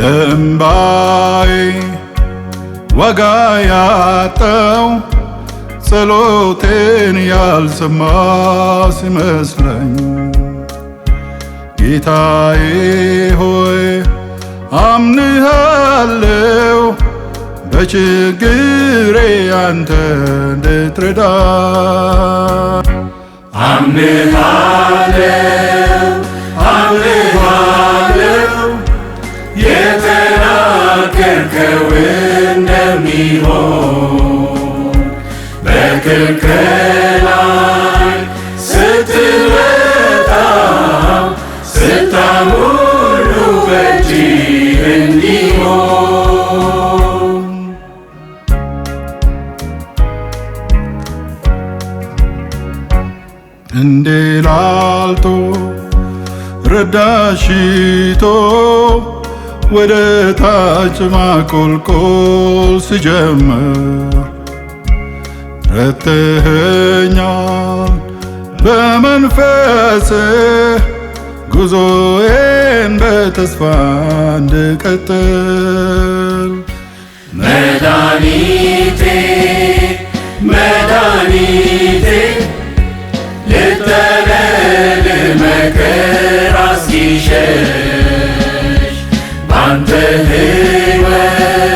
ለእምባዬ ዋጋ ያጠው ጸሎቴን ያልሰማ ሲመስለኝ ጌታዬ ሆይ አምንሃለው በችግሬ አንተ እንድትረዳ አምንሃ የተናገርከው እንደሚሆን በክልክል ላይ ስትመጣ ስታሙሉ በእጅ እንዲሆን እንዴ ላልቶ ረዳሽቶ ወደ ታች ማቆልቆል ስጀምር ረተኸኛል በመንፈስ ጉዞዬን በተስፋ እንድቀጥል መድኃኒቴ መድኃኒቴ ባንተ ሕይወት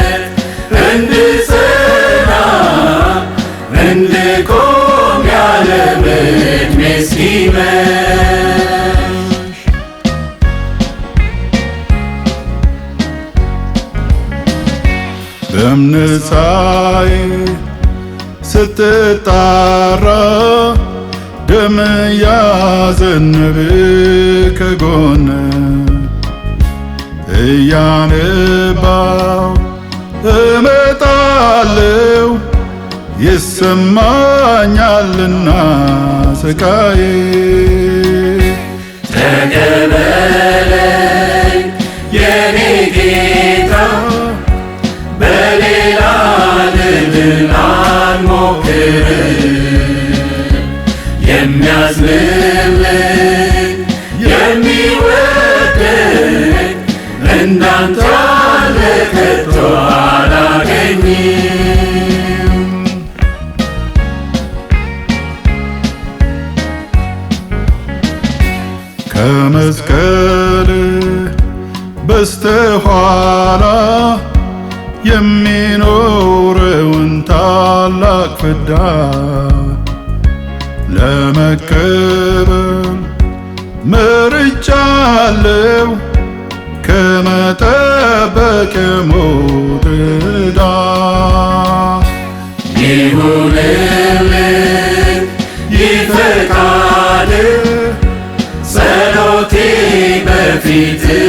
እንድጸና እንድቆም ያለ ዕድሜ ሲመሽ በእምነት ፀሐይ ስትጣራ ደም ያዘንብ ከጎነ እያነባው እመጣለው ይሰማኛልና ስቃዬ ተቀበለኝ የኔ ጌታ በሌላ ልብን አንሞክር የሚያዝንልን መስቀል በስተኋላ የሚኖረውን ታላቅ ፍዳ ለመቀበል መርጫለው ከመጠበቅ ሞት ዕዳ ይሁንልኝ ይፈቃድ defeated.